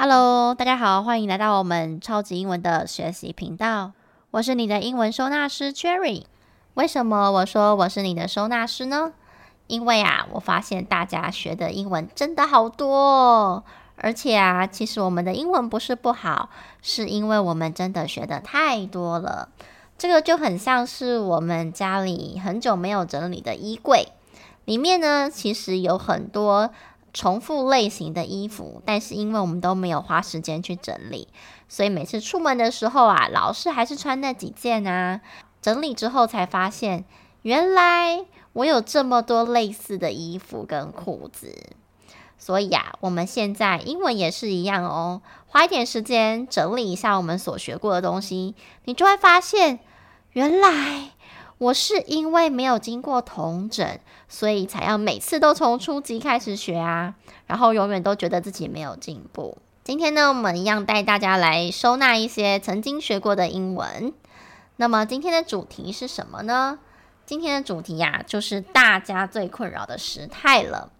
Hello，大家好，歡迎來到我們超級櫻文的學習頻道。我是你的英文收納師 Cherry。為什麼我說我是你的收納師呢？因為啊，我發現大家學的英文真的好多哦，而且啊，其實我們的英文不是不好，是因為我們真的學的太多了。這個就很像是我們家裡很久沒有整理的衣櫃，裡面呢，其實有很多。重複類型的衣服，但是因為我們都沒有花時間去整理，所以每次出門的時候啊，老是還是穿那幾件啊。整理之後才發現，原來我有這麼多類似的衣服跟褲子。所以啊，我們現在英文也是一樣哦，花一點時間整理一下我們所學過的東西，你就會發現，原來。我是因為沒有經過統整，所以才要每次都從初級開始學啊，然後永遠都覺得自己沒有進步。今天呢，我們一樣帶大家來收納一些曾經學過的英文。那麼今天的主題是什麼呢？今天的主題呀、啊，就是大家最困擾的時態了。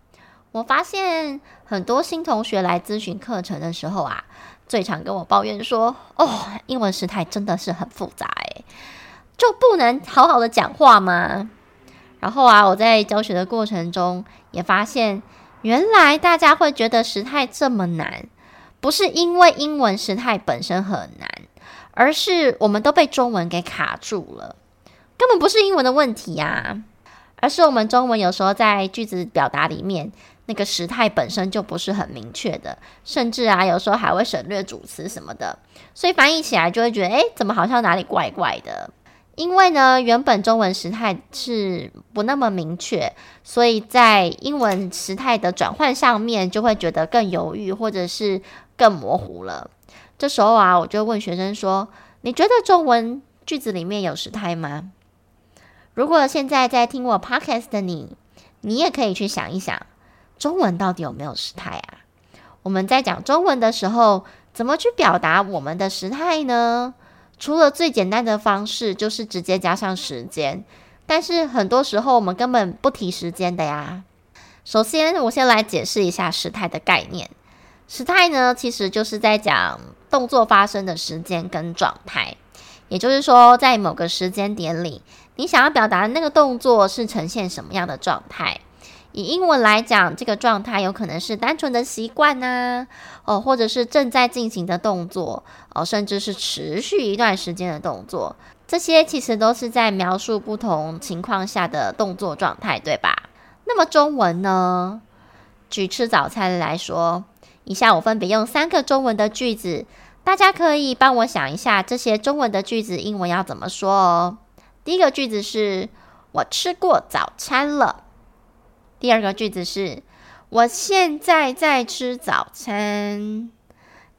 我發現很多新同學來諮詢課程的時候啊，最常跟我抱怨說：“哦，英文時態真的是很複雜、欸。”誒’。就不能好好的講話嗎？然後啊，我在教學的過程中也發現，原來大家會覺得時態這麼難，不是因為英文時態本身很難，而是我們都被中文給卡住了，根本不是英文的問題呀，而是我們中文有時候在句子表達裡面，那個時態本身就不是很明確的，甚至啊，有時候還會省略主詞什麼的，所以翻譯起來就會覺得，欸，怎麼好像哪裡怪怪的？因為呢，原本中文時態是不那麼明確，所以在英文時態的轉換上面就會覺得更猶豫，或者是更模糊了。這時候啊，我就問學生說：“你覺得中文句子裡面有時態嗎？”如果現在在聽我 podcast 的你，你也可以去想一想，中文到底有沒有時態啊？我們在講中文的時候，怎麼去表達我們的時態呢？除了最簡單的方式，就是直接加上時間，但是很多時候我們根本不提時間的呀。首先，我先來解釋一下時態的概念。時態呢，其實就是在講動作發生的時間跟狀態，也就是說，在某個時間點裡，你想要表達的那個動作是呈現什麼樣的狀態。以英文來講，這個時態有可能是單純的習慣吶、啊，哦，或者是正在進行的動作，哦，甚至是持續一段時間的動作，這些其實都是在描述不同情況下的動作狀態，對吧？那麼中文呢？舉吃早餐來說，以下我分別用三個中文的句子，大家可以幫我想一下這些中文的句子英文要怎麼說哦。第一個句子是，我吃過早餐了。第二個句子是“我現在在吃早餐”。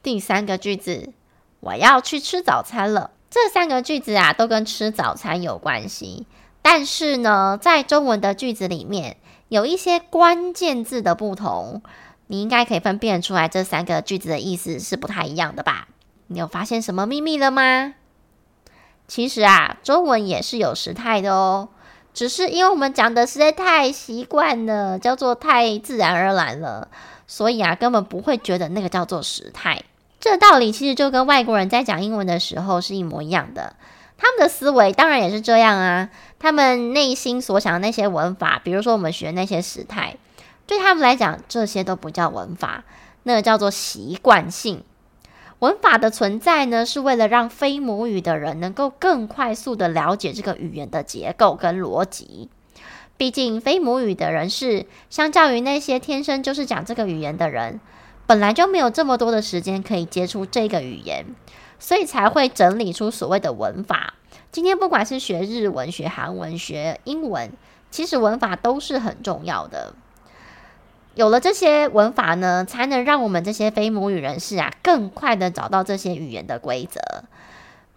第三個句子“我要去吃早餐了”。這三個句子啊，都跟吃早餐有關係，但是呢，在中文的句子裡面有一些關鍵字的不同，你應該可以分辨出來這三個句子的意思是不太一樣的吧？你有發現什麼祕密了嗎？其實啊，中文也是有時態的哦。只是因為我們講的實在太習慣了，叫做太自然而然了，所以啊，根本不會覺得那個叫做時態。這道理其實就跟外國人在講英文的時候是一模一樣的，他們的思維當然也是這樣啊。他們內心所想的那些文法，比如說我們學那些時態，對他們來講，這些都不叫文法，那個叫做習慣性。文法的存在呢，是為了讓非母語的人能夠更快速的了解這個語言的結構跟邏輯。畢竟非母語的人是相較於那些天生就是講這個語言的人，本來就沒有這麼多的時間可以接觸這個語言，所以才會整理出所謂的文法。今天不管是學日文、學韓文、學英文，其實文法都是很重要的。有了這些文法呢，才能讓我們這些非母語人士啊，更快的找到這些語言的規則。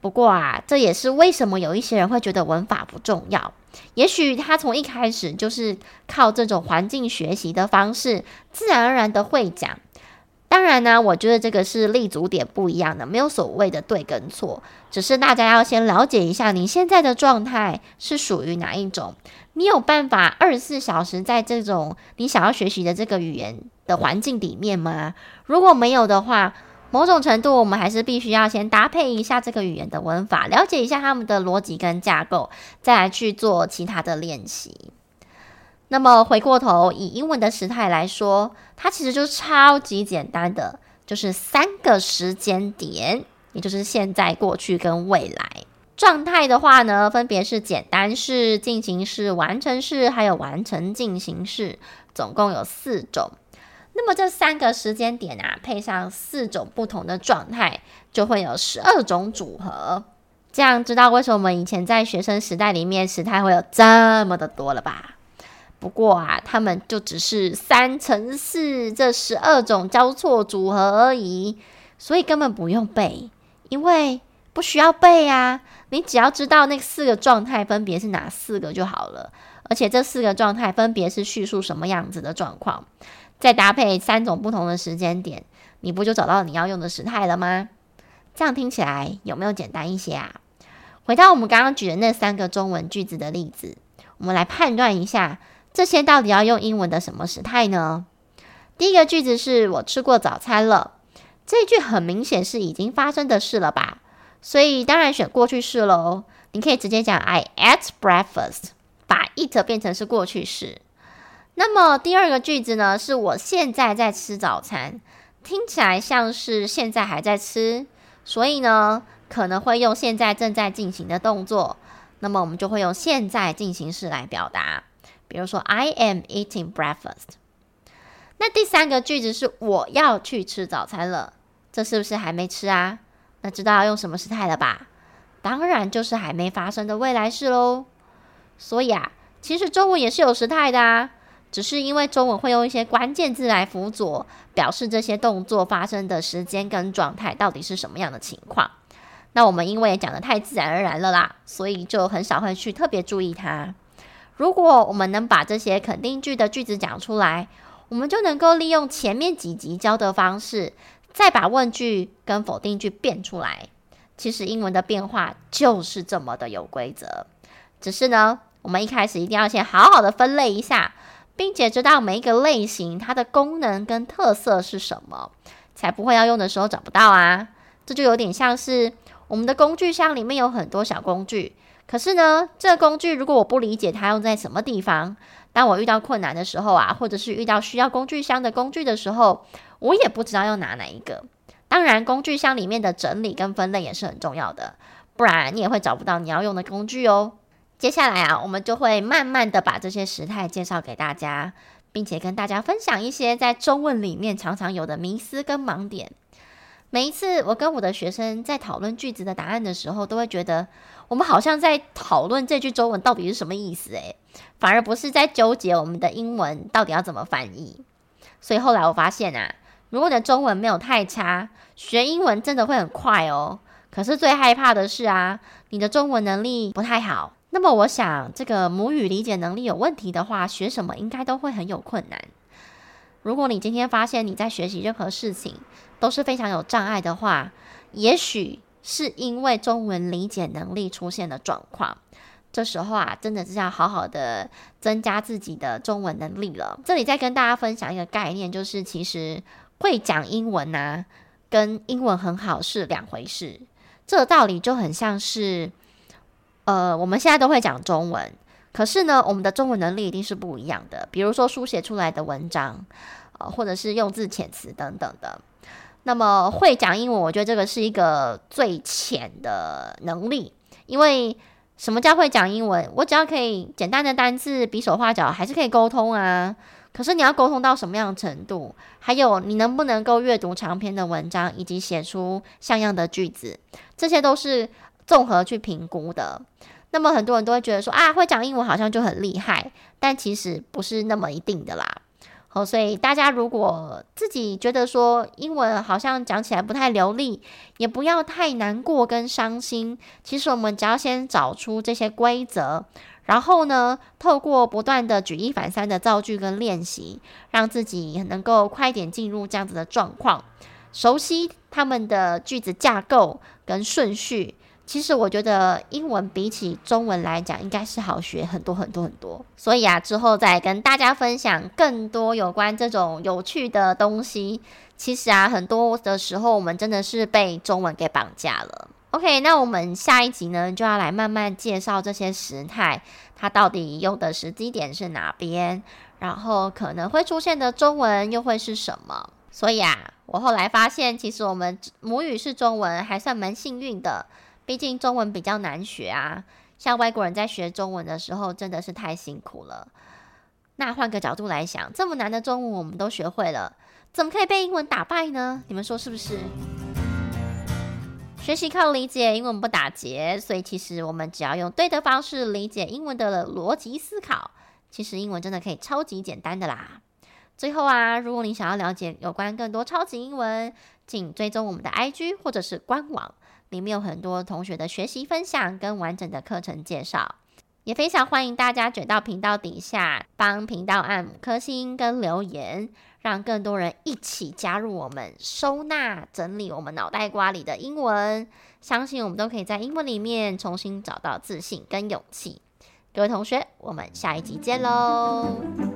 不過啊，這也是為什麼有一些人會覺得文法不重要。也許他從一開始就是靠這種環境學習的方式，自然而然的會講。當然呢、啊，我覺得這個是立足點不一樣的，沒有所謂的對跟錯，只是大家要先了解一下你現在的狀態是屬於哪一種。你有辦法二十四小時在這種你想要學習的這個語言的環境裡面嗎？如果沒有的話，某種程度我們還是必須要先搭配一下這個語言的文法，了解一下他們的邏輯跟架構，再來去做其他的練習。那麼回過頭，以英文的時態來說，它其實就超級簡單的，就是三個時間點，也就是現在、過去跟未來。狀態的話呢，分別是簡單式、進行式、完成式，還有完成進行式，總共有四種。那麼這三個時間點啊，配上四種不同的狀態，就會有十二種組合。這樣知道為什麼我們以前在學生時代裡面時態會有這麼的多了吧？不過啊，他們就只是三乘四這十二種交錯組合而已，所以根本不用背，因為不需要背啊。你只要知道那四個狀態分別是哪四個就好了，而且這四個狀態分別是敘述什麼樣子的狀況，再搭配三種不同的時間點，你不就找到你要用的時態了嗎？這樣聽起來有沒有簡單一些啊？回到我們剛剛舉的那三個中文句子的例子，我們來判斷一下。這些到底要用英文的什麼時態呢？第一個句子是我吃過早餐了，這一句很明顯是已經發生的事了吧，所以當然選過去式嘍。你可以直接講 I ate breakfast，把 eat 變成是過去式。那麼第二個句子呢，是我現在在吃早餐，聽起來像是現在還在吃，所以呢可能會用現在正在進行的動作，那麼我們就會用現在進行式來表達。比如說，I am eating breakfast。那第三個句子是我要去吃早餐了，這是不是還沒吃啊？那知道要用什麼時態了吧？當然就是還沒發生的未來式嘍。所以啊，其實中文也是有時態的啊，只是因為中文會用一些關鍵字來輔佐，表示這些動作發生的時間跟狀態到底是什麼樣的情況。那我們因為講的太自然而然了啦，所以就很少會去特別注意它。如果我們能把這些肯定句的句子講出來，我們就能夠利用前面幾集教的方式，再把問句跟否定句變出來。其實英文的變化就是這麼的有規則，只是呢，我們一開始一定要先好好的分類一下，並且知道每一個類型它的功能跟特色是什麼，才不會要用的時候找不到啊。這就有點像是我們的工具箱裡面有很多小工具。可是呢，這個工具如果我不理解它用在什麼地方，當我遇到困難的時候啊，或者是遇到需要工具箱的工具的時候，我也不知道要拿哪一個。當然，工具箱裡面的整理跟分類也是很重要的，不然你也會找不到你要用的工具哦。接下來啊，我們就會慢慢的把這些時態介紹給大家，並且跟大家分享一些在中文裡面常常有的迷思跟盲點。每一次我跟我的學生在討論句子的答案的時候，都會覺得，我們好像在討論這句中文到底是什麼意思，哎，反而不是在糾結我們的英文到底要怎麼翻譯。所以後來我發現啊，如果你的中文沒有太差，學英文真的會很快哦。可是最害怕的是啊，你的中文能力不太好，那麼我想這個母語理解能力有問題的話，學什麼應該都會很有困難。如果你今天發現你在學習任何事情都是非常有障礙的話，也許。是因為中文理解能力出現的狀況，這時候啊，真的是要好好的增加自己的中文能力了。這裡再跟大家分享一個概念，就是其實會講英文啊，跟英文很好是兩回事。這個道理就很像是，呃，我們現在都會講中文，可是呢，我們的中文能力一定是不一樣的。比如說，書寫出來的文章，呃，或者是用字遣詞等等的。那麼會講英文，我覺得這個是一個最淺的能力。因為什麼叫會講英文？我只要可以簡單的單字比手畫腳，還是可以溝通啊。可是你要溝通到什麼樣的程度？還有你能不能夠閱讀長篇的文章，以及寫出像樣的句子，這些都是綜合去評估的。那麼很多人都會覺得說啊，會講英文好像就很厲害，但其實不是那麼一定的啦。哦，所以大家如果自己覺得說英文好像講起來不太流利，也不要太難過跟傷心。其實我們只要先找出這些規則，然後呢，透過不斷的舉一反三的造句跟練習，讓自己能夠快點進入這樣子的狀況，熟悉他們的句子架構跟順序。其實我覺得英文比起中文來講，應該是好學很多很多很多。所以啊，之後再跟大家分享更多有關這種有趣的東西。其實啊，很多的時候我們真的是被中文給綁架了。OK，那我們下一集呢，就要來慢慢介紹這些時態，它到底用的時機點是哪邊，然後可能會出現的中文又會是什麼。所以啊，我後來發現，其實我們母語是中文，還算蠻幸運的。畢竟中文比較難學啊，像外國人在學中文的時候，真的是太辛苦了。那換個角度來想，這麼難的中文我們都學會了，怎麼可以被英文打敗呢？你們說是不是？ 學習靠理解，英文不打結，所以其實我們只要用對的方式理解英文的邏輯思考，其實英文真的可以超級簡單的啦。最後啊，如果你想要了解有關更多超級櫻文，請追蹤我們的 IG 或者是官網。裡面有很多同學的學習分享跟完整的課程介紹，也非常歡迎大家卷到頻道底下，幫頻道按五顆星跟留言，讓更多人一起加入我們，收納整理我們腦袋瓜裡的英文。相信我們都可以在英文裡面重新找到自信跟勇氣。各位同學，我們下一集見嘍！